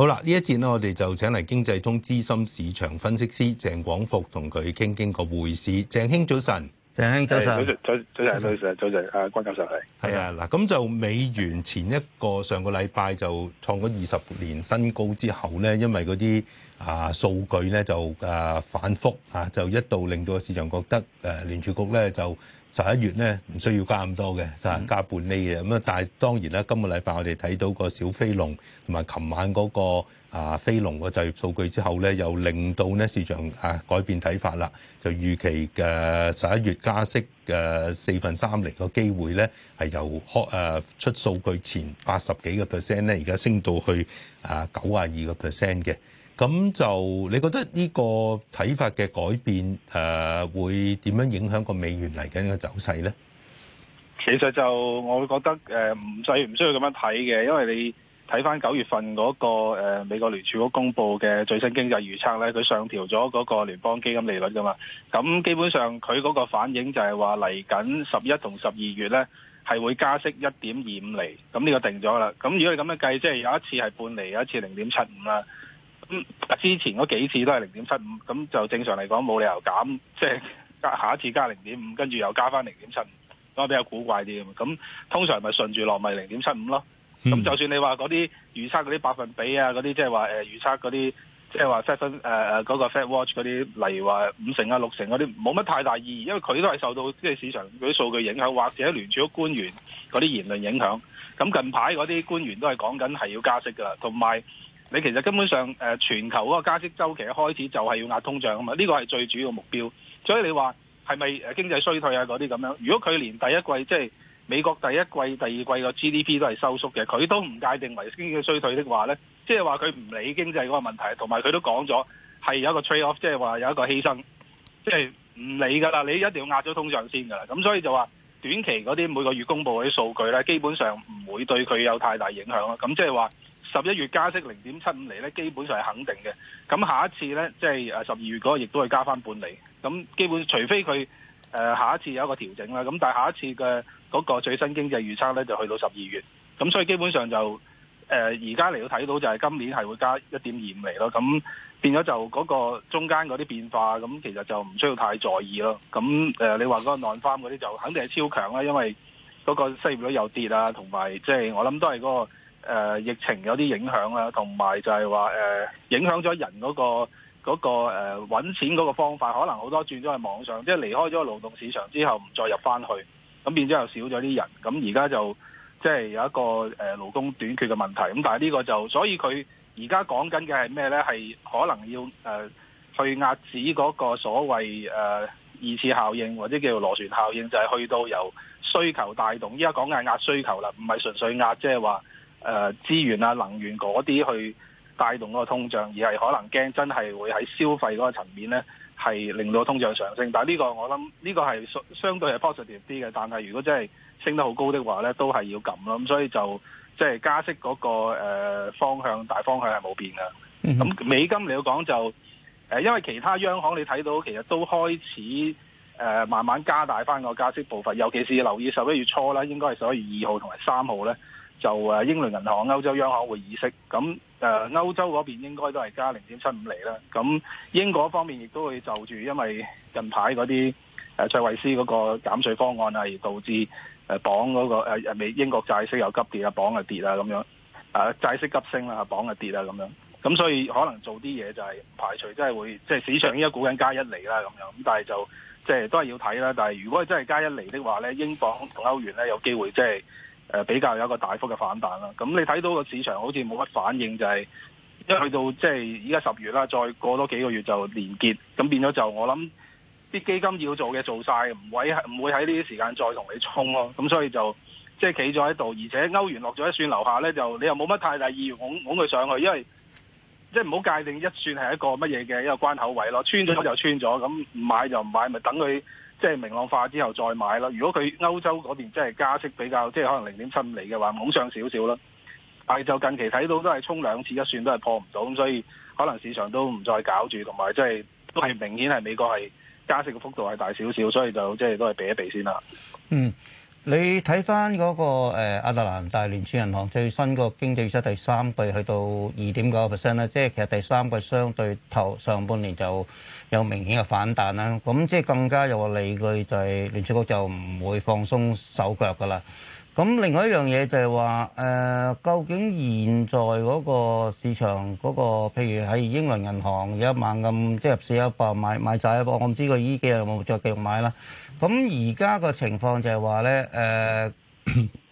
好啦，呢一節咧，我哋就請嚟經濟通資深市場分析師鄭廣復同佢傾傾個匯市。鄭兄早晨，鄭兄早晨，早、早、早晨、早晨、早晨，啊，關教授嚟。係啊，嗱，咁就美元前一個上個禮拜就創咗二十年新高之後咧，因為嗰啲，啊，數據咧就啊反覆啊，就一度令到個市場覺得誒聯儲局咧就十一月咧唔需要加咁多嘅，加半釐嘅咁啊。但係當然啦，今個禮拜我哋睇到個小飛龍同埋琴晚嗰個啊飛龍個就業數據之後咧，又令到咧市場啊改變睇法啦，就預期嘅十一月加息嘅四分三釐個機會咧係由開誒出數據前八十幾個 percent，咧，而家升到去啊九啊二個 percent 嘅。咁就你覺得呢個睇法嘅改變誒、啊，會點樣影響個美元嚟緊嘅走勢呢？其實就我覺得誒唔使唔需要咁樣睇嘅，因為你睇返九月份嗰、嗰個、呃、美國聯儲局公佈嘅最新經濟預測呢，佢上調咗嗰個聯邦基金利率㗎嘛。咁基本上佢嗰個反應就係話嚟緊十一同十二月呢，係會加息一點二五厘咁，呢個定咗啦。咁如果你咁樣計，即係有一次係半厘，有一次零點七五啦。咁之前嗰幾次都係零點七五，咁就正常嚟講冇理由減，即係加下一次加零點五，跟住又加翻零點七五，咁比較古怪啲咁。咁通常咪順住落咪零點七五咯。咁、嗯、就算你話嗰啲預測嗰啲百分比啊，嗰啲即係話預測嗰啲，即係話 set 嗰個 Fed Watch 嗰啲，例如話五成啊六成嗰啲，冇乜太大意義，因為佢都係受到即係市場嗰啲數據影響，或者聯儲局官員嗰啲言論影響。咁近排嗰啲官員都係講緊係要加息噶，同埋。你其實根本上誒全球嗰個加息周期一開始就係要壓通脹啊嘛，呢、這個係最主要目標。所以你話係咪經濟衰退啊嗰啲咁樣？如果佢連第一季即係、就是、美國第一季、第二季個 GDP 都係收縮嘅，佢都唔界定為經濟衰退的話呢，即係話佢唔理經濟嗰個問題，同埋佢都講咗係有一個 trade-off，即係話有一個犧牲，即係唔理噶啦，你一定要壓咗通脹先噶啦。咁所以就話短期嗰啲每個月公布嗰啲數據呢，基本上唔會對佢有太大影響咯。咁即係話。十一月加息零點七五厘咧，基本上係肯定嘅。咁下一次咧，即係啊十二月嗰個，亦都會加翻半厘。咁基本除非佢誒、呃、下一次有一個調整啦。咁但係下一次嘅嗰個最新經濟預測咧，就去到十二月。咁所以基本上就誒而家嚟到睇到就係今年係會加一點二五釐咯。咁變咗就嗰個中間嗰啲變化，咁其實就唔需要太在意咯。咁誒你話嗰個 non-farm 嗰啲就肯定係超強啦，因為嗰個失業率又跌啊，同埋即係我諗都係嗰、嗰個。誒、呃、疫情有啲影響啦，同埋就係話誒影響咗人嗰、那個嗰、那個誒揾、呃、錢嗰個方法，可能好多轉咗去網上，即係離開咗勞動市場之後唔再入翻去，咁變咗又少咗啲人。咁而家就即係有一個誒、呃、勞工短缺嘅問題。咁但係呢個就所以佢而家講緊嘅係咩咧？係可能要誒、呃、去壓止嗰個所謂誒、呃、二次效應或者叫做螺旋效應，就係、是、去到由需求帶動。依家講緊壓需求啦，唔係純粹壓，即係話。誒、呃、資源啊、能源嗰啲去帶動嗰個通脹，而係可能驚真係會喺消費嗰個層面咧，係令到通脹上升。但呢個我諗呢個係相對對係 positive 啲嘅，但係如果真係升得好高的話咧，都係要撳咯。咁所以就即係、就是、加息嗰、那個、呃、方向，大方向係冇變㗎。咁、嗯、哼美金嚟講就誒、呃，因為其他央行你睇到其實都開始誒、呃、慢慢加大翻個加息步伐，尤其是留意十一月初啦，應該係十一月二號同埋三號咧。就英倫銀行、歐洲央行會議息，咁誒、呃、歐洲嗰邊應該都係加零點七五厘啦。咁英國方面亦都會就住，因為近排嗰啲誒卓慧思嗰個減稅方案、呃那個、啊，而導致誒磅嗰個美英國債息又急跌，磅又跌啊，磅啊跌啊咁樣，誒債息急升啦，磅啊跌啦咁樣。咁所以可能做啲嘢就係排除，真係會即係市場應該估緊加一厘啦咁樣。咁但係就即係都係要睇啦。但係如果真係加一厘的話咧，英鎊同歐元咧有機會即、就、係、是。誒比較有一個大幅嘅反彈啦，咁你睇到個市場好似冇乜反應，就係、是、一去到即係依家十月啦，再過多幾個月就連結，咁變咗就我諗啲基金要做嘅做晒，唔會唔會喺呢啲時間再同你衝咯，咁所以就即係企咗喺度，而且歐元落咗一算，樓下咧，就你又冇乜太大意義捧捧佢上去，因為即係唔好界定一算係一個乜嘢嘅一個關口位咯，穿咗就穿咗，咁唔買就唔買，咪等佢。即係明朗化之後再買啦。如果佢歐洲嗰邊即係加息比較，即係可能零點七五厘嘅話，往上少少啦。但係就近期睇到都係衝兩次一算都係破唔到，咁所以可能市場都唔再搞住，同埋即係都係明顯係美國係加息嘅幅度係大少少，所以就即係都係避一避先啦。嗯。你睇翻嗰個，誒、亞特蘭大聯儲銀行最新個經濟預測，第三季去到二點九個 percent 啦，即係其實第三季相對頭上半年就有明顯嘅反彈啦。咁即係更加有個理據就係聯儲局就唔會放鬆手腳噶啦。咁另外一樣嘢就係話，誒、呃、究竟現在嗰個市場嗰、那個，譬如喺英倫銀行有一萬咁，即係入市一百買買曬一波我唔知佢依幾日有冇再繼續買啦。咁而家個情況就係話咧，誒、呃、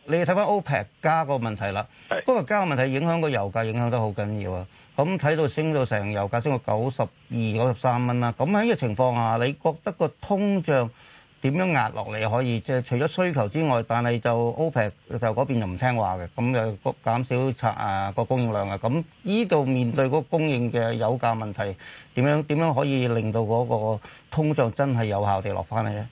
你睇翻 OPEC 加個問題啦，因為是加個問題影響個油價，影響得好緊要啊。咁睇到升到成油價升到九十二、九十三蚊啦。咁喺呢個情況下，你覺得個通脹？點樣壓落嚟可以？即係除咗需求之外，但係就 OPEC 就嗰邊就唔聽話嘅，咁就減少拆啊、呃、個供應量啊。咁依度面對嗰個供應嘅油價問題，點樣點樣可以令到嗰個通脹真係有效地落翻嚟咧？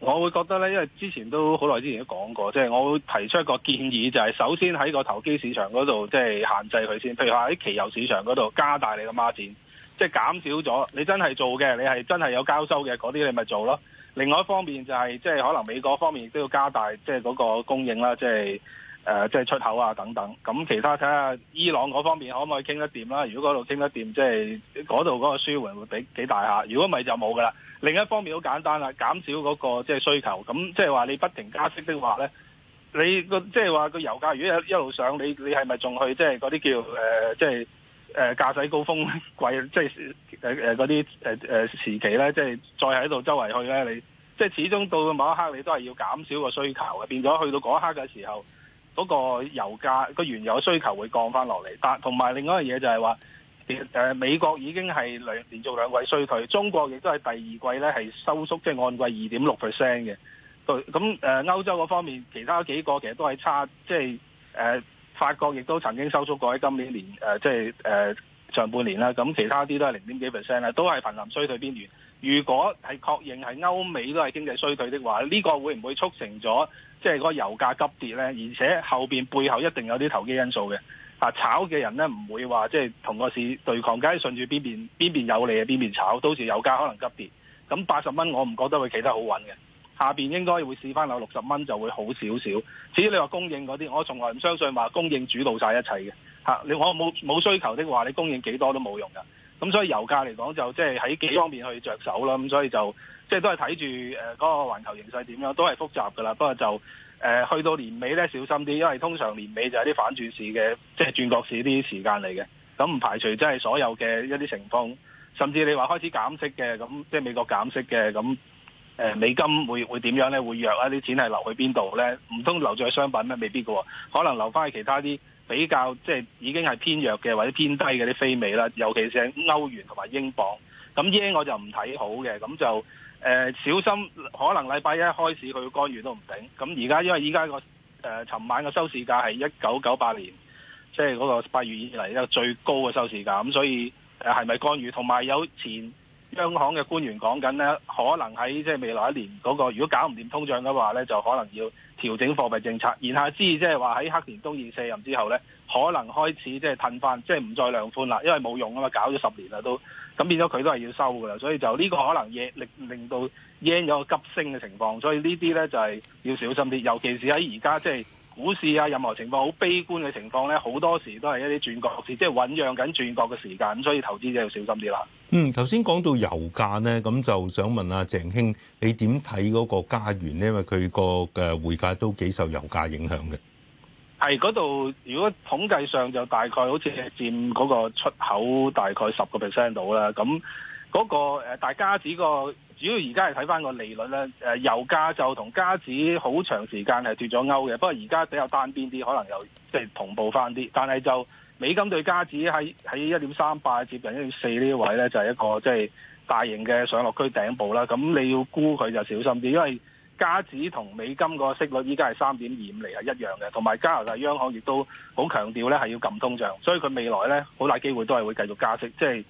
我會覺得咧，因為之前都好耐之前都講過，即係我會提出一個建議，就係首先喺個投機市場嗰度，即係限制佢先。譬如話喺期油市場嗰度加大你嘅孖展，即係減少咗你真係做嘅，你係真係有交收嘅嗰啲，你咪做咯。另外一方面就係，即係可能美國方面亦都要加大即係嗰個供應啦，即係誒即係出口啊等等。咁其他睇下伊朗嗰方面可唔可以傾得掂啦？如果嗰度傾得掂，即係嗰度嗰個舒緩會畀幾大下。如果唔係就冇噶啦。另一方面好簡單啦，減少嗰個即係需求。咁即係話你不停加息的話咧，你即係話個油價如果一路上，你你係咪仲去即係嗰啲叫誒即係？呃即係誒、呃、駕駛高峰季，即係誒誒嗰啲誒誒時期咧，即係再喺度周圍去咧，你即係始終到某一刻，你都係要減少個需求嘅，變咗去到嗰一刻嘅時候，嗰、嗰個油價、個原油需求會降翻落嚟。但同埋另外一樣嘢就係話，誒、呃、美國已經係兩連，連續兩季衰退，中國亦都係第二季咧係收縮，即、就、係、是、按季二點六 percent 嘅。咁誒、呃、歐洲嗰方面，其他幾個其實都係差，即係誒。呃法國亦都曾經收縮過喺今年年誒，即係誒上半年啦。咁其他啲都係零點幾 percent，都係瀕臨衰退邊緣。如果係確認係歐美都係經濟衰退的話，呢個會唔會促成咗即係個油價急跌呢？而且後面背後一定有啲投機因素嘅。啊，炒嘅人呢，唔會話即係同個市對抗，梗係順住邊邊邊邊有利嘅邊邊炒，到時油價可能急跌。咁八十蚊我唔覺得會企得好穩嘅。下邊應該會試翻有六十蚊就會好少少。至於你話供應嗰啲，我從來唔相信話供應主導晒一切嘅、啊、你我冇冇需求的話，你供應幾多都冇用噶。咁所以油價嚟講就即係喺幾方面去着手啦。咁所以就即係、就係、都係睇住嗰個環球形勢點樣，都係複雜㗎啦。不過就誒、呃、去到年尾咧，小心啲，因為通常年尾就係啲反轉市嘅，即係轉角市啲時間嚟嘅。咁唔排除即係所有嘅一啲情況，甚至你話開始減息嘅，咁即係美國減息嘅咁。誒、呃、美金會會點樣咧？會弱啊？啲錢係留去邊度咧？唔通留咗去商品咩？未必喎、哦，可能留翻去其他啲比較即係已經係偏弱嘅或者偏低嘅啲非美啦，尤其是歐元同埋英鎊，咁呢我就唔睇好嘅，咁就誒、呃、小心。可能禮拜一開始去干預都唔定。咁而家因為依家個誒尋晚個收市價係一九九八年即係嗰個八月以嚟一個最高嘅收市價，咁所以誒係咪干預？同埋有前。央行嘅官員講緊咧，可能喺即係未來一年嗰、那個，如果搞唔掂通脹嘅話咧，就可能要調整貨幣政策。然後之即係話喺黑田東彥卸任之後咧，可能開始即係褪翻，即係唔再量寬啦，因為冇用啊嘛，搞咗十年啦都，咁變咗佢都係要收噶啦，所以就呢個可能亦令令到 yen 有個急升嘅情況，所以呢啲咧就係要小心啲，尤其是喺而家即係股市啊，任何情況好悲觀嘅情況咧，好多時都係一啲轉角市，即係醞釀緊轉角嘅時間，咁所以投資者要小心啲啦。嗯，頭先講到油價咧，咁就想問阿鄭兄，你點睇嗰個加元咧？因為佢個誒匯價都幾受油價影響嘅。係嗰度，如果統計上就大概好似佔嗰個出口大概十個 percent 到啦。咁嗰個大家子個主要而家係睇翻個利率咧。誒油價就同家子好長時間係脫咗鈎嘅，不過而家比較單邊啲，可能又即係、就是、同步翻啲，但係就。美金對加指喺喺一點三八接近一點四呢一位咧，就係、是、一個即係、就是、大型嘅上落區頂部啦。咁你要估佢就小心啲，因為加指同美金個息率依家係三點二五厘係一樣嘅，同埋加拿大央行亦都好強調咧，係要撳通脹，所以佢未來咧好大機會都係會繼續加息。即係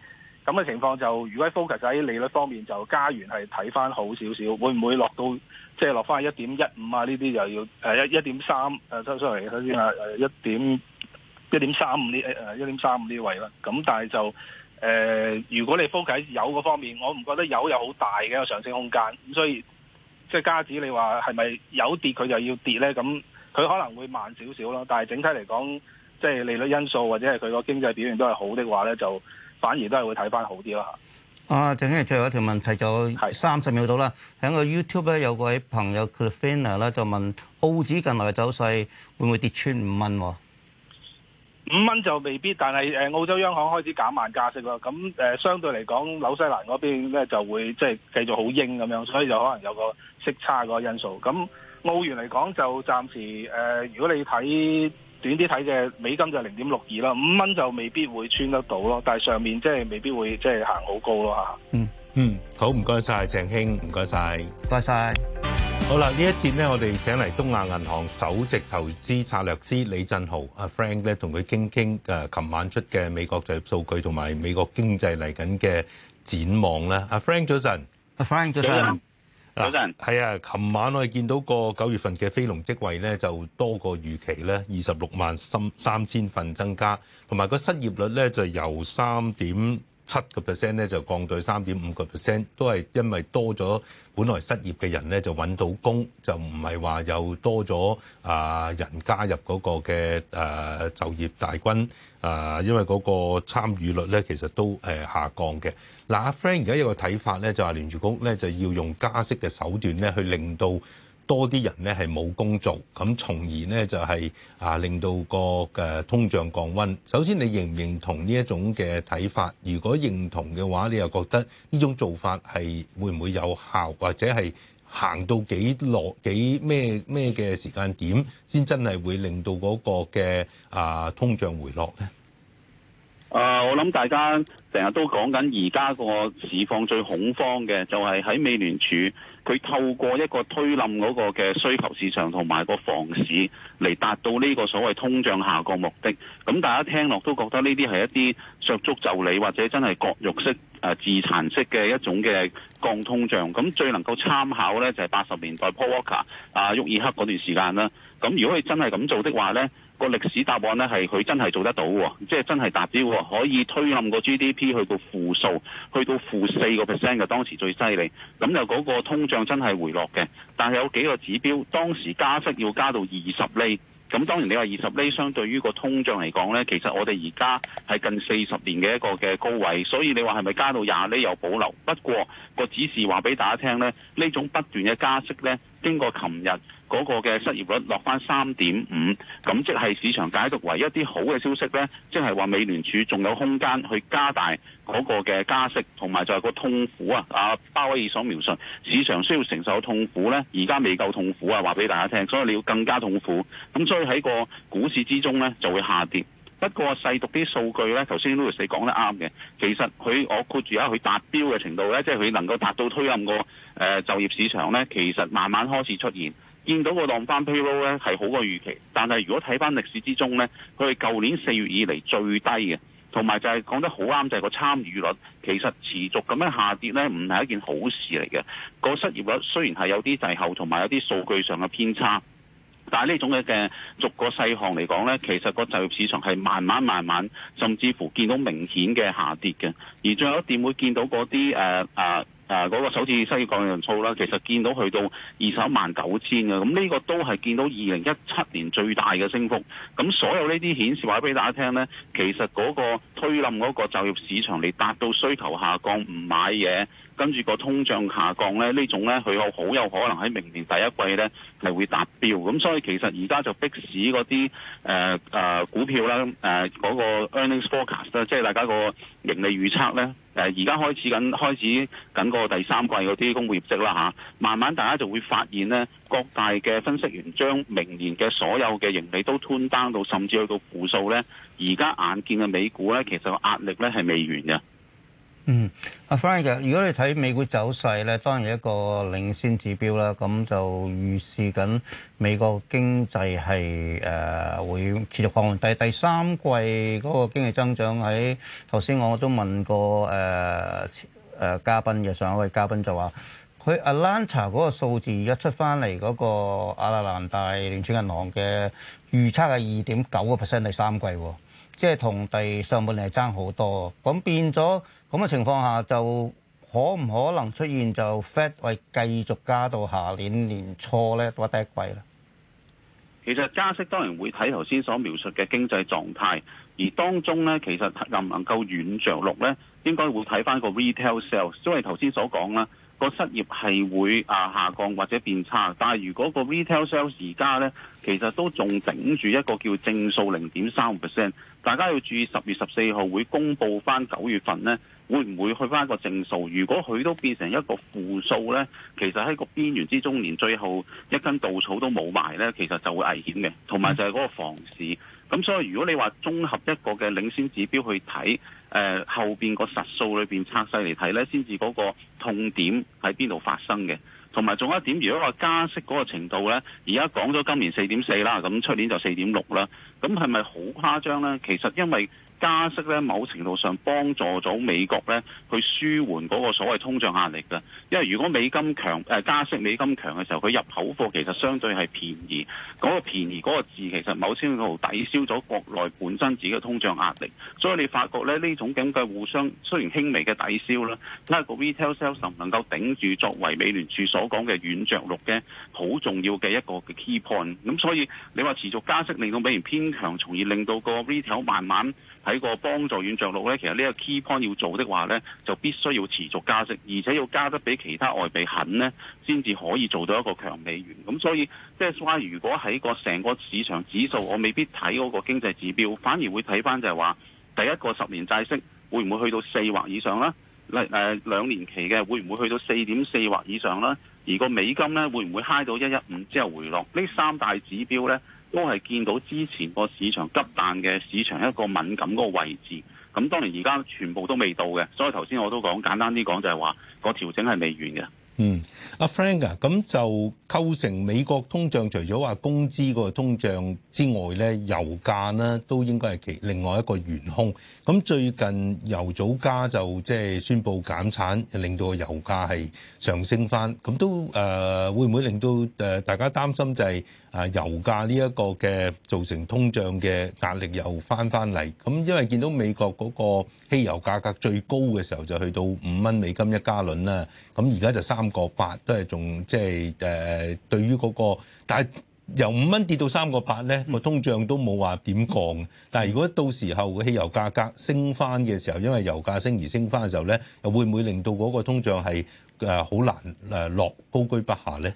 咁嘅情況就，如果 focus 喺利率方面，就加元係睇翻好少少，會唔會落到即係、就是、落翻一點一五啊？呢啲又要誒一一點三誒收收嚟睇先啊，誒一點。1. 一點三五呢？誒一點三五呢位啦，咁但係就誒、呃，如果你 focus 喺油嗰方面，我唔覺得油有好大嘅上升空間，咁所以即係加紙，你話係咪油跌佢就要跌咧？咁佢可能會慢少少咯，但係整體嚟講，即係利率因素或者係佢個經濟表現都係好的話咧，就反而都係會睇翻好啲啦嚇。啊，鄭經理最後一條問題就係三十秒到啦，喺個是 YouTube 咧有位朋友 c r e n e r 咧就問澳紙近來嘅走勢會唔會跌穿五蚊喎？五蚊就未必，但係誒澳洲央行開始減慢加息咯。咁誒、呃、相對嚟講紐西蘭嗰邊咧就會即係繼續好鷹咁樣，所以就可能有個息差嗰個因素。咁澳元嚟講就暫時誒、呃，如果你睇短啲睇嘅美金就零點六二啦，五蚊就未必會穿得到咯。但係上面即係未必會即係行好高咯嚇。嗯嗯，好唔該晒，鄭兄，唔該曬，多謝。謝謝。好啦，呢一節呢，我哋請嚟東亞銀行首席投資策略師李振豪，阿 Frank 咧同佢傾傾，誒，琴晚出嘅美國就業數據同埋美國經濟嚟緊嘅展望咧。阿 Frank 早晨，阿 Frank 早晨，早晨，係啊，琴晚我哋見到個九月份嘅非農職位咧就多過預期咧，二十六萬三三千份增加，同埋個失業率咧就由三點。七個 percent 咧就降到三點五個 percent，都係因為多咗本來失業嘅人咧就揾到工，就唔係話又多咗啊人加入嗰個嘅誒就業大軍啊，因為嗰個參與率咧其實都誒下降嘅。嗱，阿 Frank 而家有一個睇法咧，就話聯儲局咧就要用加息嘅手段咧去令到，多啲人呢，係冇工做，咁從而呢，就係啊令到個嘅通脹降溫。首先你認唔認同呢一種嘅睇法？如果認同嘅話，你又覺得呢種做法係會唔會有效，或者係行到幾落幾咩咩嘅時間點先真係會令到嗰個嘅啊通脹回落呢？啊，我諗大家成日都講緊，而家個市況最恐慌嘅就係喺美聯儲。佢透過一個推冧嗰個嘅需求市場同埋個房市嚟達到呢個所謂通脹下降目的，咁大家聽落都覺得呢啲係一啲削足就履或者真係割肉式啊自殘式嘅一種嘅降通脹，咁最能夠參考呢，就係八十年代 Paul Volcker 啊沃爾克嗰段時間啦，咁如果佢真係咁做的話呢。個歷史答案呢，係佢真係做得到喎，即係真係達標，可以推冧個 GDP 去到負數，去到負四個 percent 嘅當時最犀利。咁就嗰個通脹真係回落嘅，但係有幾個指標，當時加息要加到二十厘，咁當然你話二十厘相對於個通脹嚟講呢，其實我哋而家係近四十年嘅一個嘅高位，所以你話係咪加到廿厘有保留？不過個指示話俾大家聽呢，呢種不斷嘅加息呢，經過琴日。嗰個嘅失業率落翻三點五，咁即係市場解讀為一啲好嘅消息呢，即係話美聯儲仲有空間去加大嗰個嘅加息，同埋就係個痛苦啊！啊鮑威爾所描述，市場需要承受痛苦呢，而家未夠痛苦啊，話俾大家聽，所以你要更加痛苦。咁所以喺個股市之中呢，就會下跌。不過細讀啲數據呢，頭先 Louis 你講得啱嘅，其實佢我括住一下佢達標嘅程度呢，即係佢能夠達到推暗個就業市場呢，其實慢慢開始出現。見到個浪翻 payroll 咧係好過預期，但係如果睇翻歷史之中咧，佢係舊年四月以嚟最低嘅，同埋就係講得好啱，就係、是、個參與率其實持續咁樣下跌咧，唔係一件好事嚟嘅。個失業率雖然係有啲滯後，同埋有啲數據上嘅偏差，但係呢種嘅嘅逐個細項嚟講咧，其實個就業市場係慢慢慢慢，甚至乎見到明顯嘅下跌嘅，而最後一點會見到嗰啲誒啊！嗰、嗰個首次失業降人數啦，其實見到去到二十一萬九千嘅，咁呢個都係見到二零一七年最大嘅升幅。咁所有呢啲顯示話俾大家聽呢，其實嗰個推冧嗰個就業市場嚟達到需求下降，唔買嘢。跟住個通脹下降咧，種呢種咧佢好有可能喺明年第一季咧係會達標，咁所以其實而家就逼使嗰啲誒誒股票啦，誒、呃、嗰、那個 earnings forecast 即係大家個盈利預測咧，而、呃、家開始緊開始緊個第三季嗰啲公布業績啦嚇，慢慢大家就會發現咧，各大嘅分析員將明年嘅所有嘅盈利都 tune down 到，甚至去到負數咧，而家眼見嘅美股咧，其實個壓力咧係未完嘅。嗯，阿 Frank 嘅，如果你睇美股走勢咧，當然一個領先指標啦。咁就預示緊美國經濟係誒、呃、會持續放緩。但係第三季 𠮶 個經濟增長喺頭先我都問過誒誒、呃呃、嘉賓嘅上一位嘉賓就話，佢 Atlanta𠮶 個數字而家出返嚟 𠮶 個阿拉蘭大聯儲銀行嘅預測係二點九個 percent 第三季喎。即係同第上半年係爭好多，咁變咗咁嘅情況下，就可唔可能出現就 Fed 為繼續加到下年年初咧？或者第一季咧？其實加息當然會睇頭先所描述嘅經濟狀態，而當中咧其實能唔能夠軟着陸咧，應該會睇翻個 retail sales。因為頭先所講啦，個失業係會啊下降或者變差，但係如果個 retail sales 而家咧，其實都仲頂住一個叫正數零點三 percent。大家要注意，十月十四號會公布翻九月份呢，會唔會去翻一個正數？如果佢都變成一個負數呢，其實喺個邊緣之中，連最後一根稻草都冇埋呢，其實就會危險嘅。同埋就係嗰個房市，咁所以如果你話綜合一個嘅領先指標去睇。誒、呃、後面個實數裏面測試嚟睇呢先至嗰個痛點喺邊度發生嘅。同埋仲有一點，如果話加息嗰個程度呢，而家講咗今年四點四啦，咁出年就四點六啦，咁係咪好誇張呢？其實因為，加息咧，某程度上幫助咗美國咧去舒緩嗰個所謂通脹壓力㗎。因為如果美金強，誒加息美金強嘅時候，佢入口貨其實相對係便宜。嗰個便宜嗰個字其實某程度抵消咗國內本身自己嘅通脹壓力。所以你發覺咧，呢種咁嘅互相雖然輕微嘅抵消啦，睇下個 retail sales 能唔能夠頂住，作為美聯儲所講嘅軟着陸嘅好重要嘅一個嘅 key point。咁所以你話持續加息令到美元偏強，從而令到個 retail 慢慢。喺個幫助軟著陸咧，其實呢個 key point 要做的話咧，就必須要持續加息，而且要加得比其他外幣狠咧，先至可以做到一個強美元。咁所以，即係話如果喺個成個市場指數，我未必睇嗰個經濟指標，反而會睇翻就係話，第一個十年債息會唔會去到四或以上啦？例兩年期嘅會唔會去到四點四或以上啦？而個美金咧會唔會 high 到一一五之後回落？呢三大指標咧，都係見到之前個市場急彈嘅市場一個敏感嗰個位置，咁當然而家全部都未到嘅，所以頭先我都講，簡單啲講，就係話個調整係未完嘅。嗯，阿 Frank 啊，咁就構成美國通脹，除咗話工資個通脹之外咧，油價咧都應該係其另外一個元兇。咁最近油組家就即係、就是、宣布減產，令到個油價係上升翻。咁都誒、呃、會唔會令到誒、呃、大家擔心就係誒油價呢一個嘅造成通脹嘅壓力又翻翻嚟？咁因為見到美國嗰個汽油價格最高嘅時候就去到五蚊美金一加侖啦，咁而家就三。三個八都係仲即係誒，對於嗰個，但係由五蚊跌到三個八咧，個通脹都冇話點降。但係如果到時候個汽油價格升翻嘅時候，因為油價升而升翻嘅時候咧，又會唔會令到嗰個通脹係誒好難誒、呃、落高居不下咧？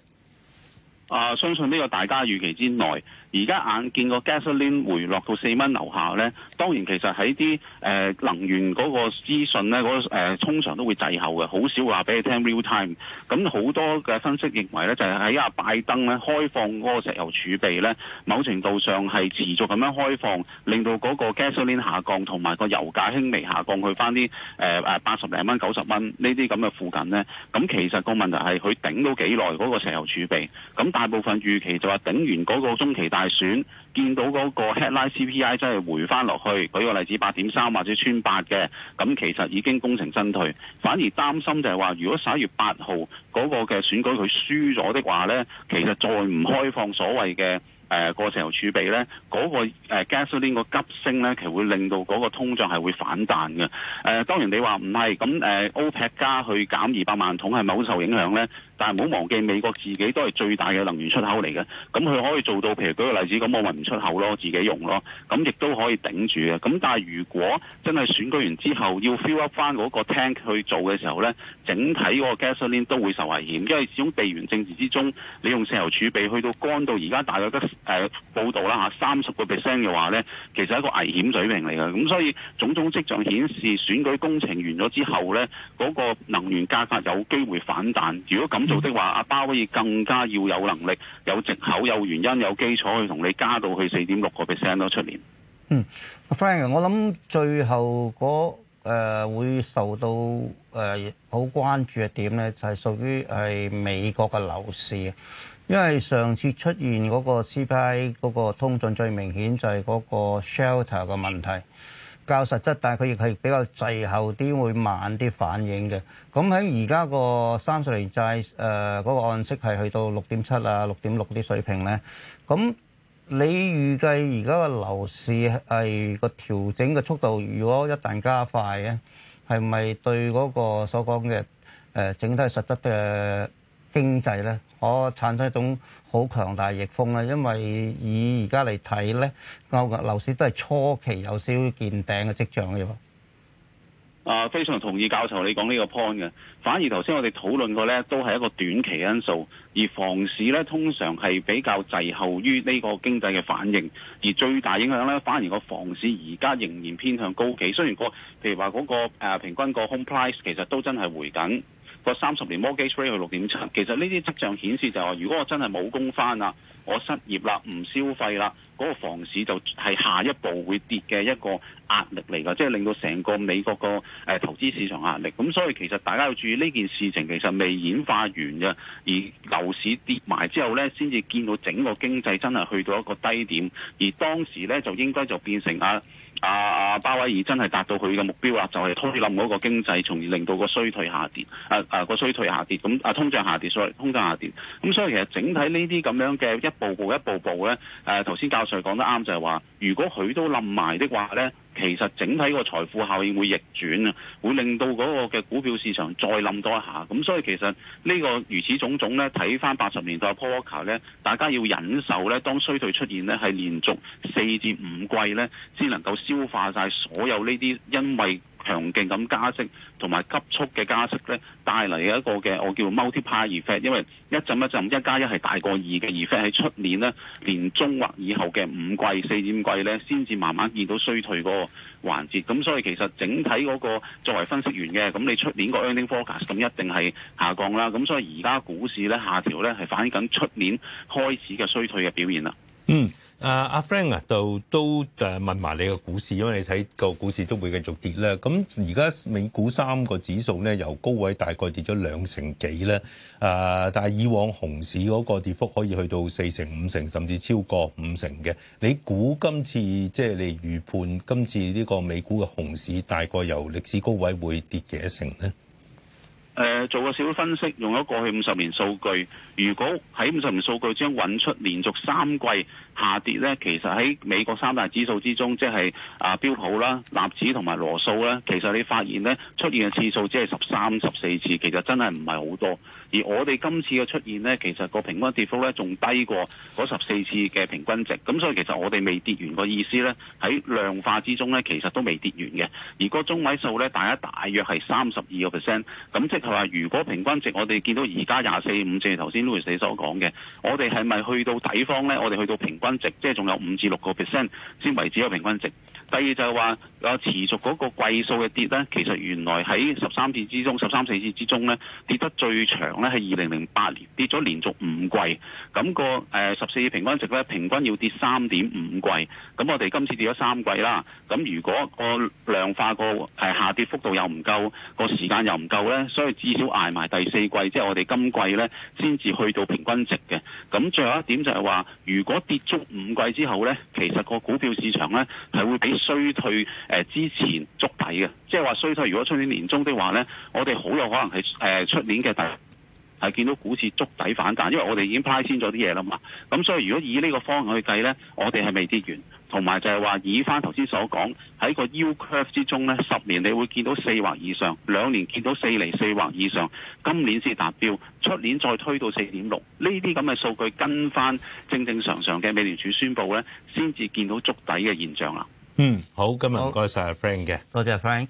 啊，相信呢個大家預期之內。而家眼見個 gasoline 回落到四蚊樓下呢，當然其實喺啲誒能源嗰個資訊呢，嗰誒通常都會滯後嘅，好少話俾你聽 real time。咁好多嘅分析認為呢，就係喺阿拜登呢開放嗰個石油儲備呢，某程度上係持續咁樣開放，令到嗰個 gasoline 下降，同埋個油價輕微下降去返啲誒誒八十零蚊、九十蚊呢啲咁嘅附近呢，咁其實個問題係佢頂到幾耐嗰個石油儲備？咁大部分預期就話頂完嗰個中期大選見到嗰個 headline CPI 真係回翻落去，舉個例子八點三或者穿八嘅，咁其實已經功成身退。反而擔心就係話，如果十一月八號嗰個嘅選舉佢輸咗的話呢，其實再唔開放所謂嘅。誒、呃那個石油儲備咧，嗰、那個誒 gasoline 個急升咧，其實會令到嗰個通脹係會反彈嘅。誒、呃、當然你話唔係，咁誒 OPEC 加去減二百萬桶係咪好受影響咧？但係唔好忘記美國自己都係最大嘅能源出口嚟嘅，咁佢可以做到譬如舉個例子咁，我咪唔出口咯，自己用咯，咁亦都可以頂住嘅。咁但係如果真係選舉完之後要 fill up 翻嗰個 tank 去做嘅時候咧，整體嗰個 gasoline 都會受危險，因為始終地緣政治之中，你用石油儲備去到乾到而家大概得。誒、呃、報道啦嚇，三十個 percent 嘅話咧，其實係一個危險水平嚟嘅。咁所以種種跡象顯示，選舉工程完咗之後咧，嗰、那個能源價格有機會反彈。如果咁做的話，阿巴可以更加要有能力、有藉口、有原因、有基礎去同你加到去四點六個 percent 咯。出年，嗯，Frank，我諗最後嗰、那個。誒、呃、會受到誒好、呃、關注嘅點咧，就係、是、屬於係美國嘅樓市，因為上次出現嗰個 CPI 嗰個通脹最明顯就係嗰個 shelter 嘅問題，較實質，但係佢亦係比較滯後啲，會慢啲反應嘅。咁喺而家個三十年債誒嗰、呃那個按息係去到六點七啊、六點六啲水平咧，咁。你預計而家個樓市係個調整嘅速度，如果一旦加快咧，係咪對嗰個所講嘅誒整體實質嘅經濟咧，可產生一種好強大逆風咧？因為以而家嚟睇咧，歐亞樓市都係初期有少少見頂嘅跡象嘅。啊，非常同意教授你講呢個 point 嘅。反而頭先我哋討論過呢，都係一個短期因素，而房市呢，通常係比較滯後於呢個經濟嘅反應。而最大影響呢，反而個房市而家仍然偏向高企。雖然、嗰個譬如話嗰、嗰個、呃、平均個 home price 其實都真係回緊個三十年 mortgage rate 係六點七。其實呢啲跡象顯示就係、是，如果我真係冇工返啦，我失業啦，唔消費啦。嗰個房市就係下一步會跌嘅一個壓力嚟㗎，即係令到成個美國個誒投資市場壓力。咁所以其實大家要注意呢件事情，其實未演化完嘅，而樓市跌埋之後呢，先至見到整個經濟真係去到一個低點，而當時呢，就應該就變成啊。啊啊！鮑威爾真係達到佢嘅目標啊，就係、是、推冧嗰個經濟，從而令到個衰退下跌，誒誒個衰退下跌，咁啊，啊通脹下跌，所以通脹下跌，咁、啊、所以其實整體呢啲咁樣嘅一步步一步步咧，誒頭先教授講得啱就係話，如果佢都冧埋嘅話咧。其實整體個財富效應會逆轉啊，會令到嗰個嘅股票市場再冧多一下。咁所以其實呢個如此種種呢，睇返八十年代 Poker 呢，大家要忍受呢，當衰退出現呢，係連續四至五季呢，先能夠消化晒所有呢啲因為。強勁咁加息，同埋急速嘅加息咧，帶嚟一個嘅我叫 multiplier effect，因為一陣一陣一加一係大過二嘅 effect 喺出年咧，年中或以後嘅五季、四點季咧，先至慢慢見到衰退嗰個環節。咁所以其實整體嗰個作為分析員嘅，咁你出年個 earning forecast 咁一定係下降啦。咁所以而家股市咧下調咧，係反映緊出年開始嘅衰退嘅表現啦。嗯。啊，阿 friend 啊，就都誒問埋你個股市，因為你睇個股市都會繼續跌啦。咁而家美股三個指數咧，由高位大概跌咗兩成幾咧。啊，但係以往熊市嗰個跌幅可以去到四成、五成，甚至超過五成嘅。你估今次即係你預判今次呢個美股嘅熊市，大概由歷史高位會跌幾成呢？誒，uh, 做個小分析，用咗過去五十年數據。如果喺五十年數據將揾出連續三季。下跌呢，其實喺美國三大指數之中，即係啊標普啦、納指同埋羅素呢，其實你發現呢出現嘅次數只係十三十四次，其實真係唔係好多。而我哋今次嘅出現呢，其實個平均跌幅呢仲低過嗰十四次嘅平均值。咁所以其實我哋未跌完個意思呢，喺量化之中呢其實都未跌完嘅。而個中位數呢，大家大約係三十二個 percent。咁即係話，如果平均值我哋見到而家廿四五正，頭先 Louis 所講嘅，我哋係咪去到底方呢？我哋去到平均。均值，即係仲有五至六個 percent 先為止有平均值。第二就係話。有持續嗰個季數嘅跌呢，其實原來喺十三次之中、十三四次之中呢，跌得最長呢係二零零八年跌咗連續五季，咁、嗰個誒十四平均值呢，平均要跌三點五季，咁我哋今次跌咗三季啦，咁如果個量化個下跌幅度又唔夠，嗰個時間又唔夠呢，所以至少捱埋第四季，即、就、係、是、我哋今季呢先至去到平均值嘅。咁最後一點就係話，如果跌足五季之後呢，其實個股票市場呢係會比衰退。之前築底嘅，即係話衰退。如果出年年中的話呢，我哋好有可能係出年嘅底係見到股市築底反彈，因為我哋已經派先咗啲嘢啦嘛。咁所以如果以呢個方向去計呢，我哋係未跌完，同埋就係話以翻頭先所講喺個 U curve 之中呢，十年你會見到四或以上，兩年見到四厘四或以上，今年先達標，出年再推到四點六。呢啲咁嘅數據跟翻正正常常嘅美聯儲宣佈呢，先至見到築底嘅現象啦。嗯，好，今日唔該晒阿 Frank 嘅，好多謝阿 Frank。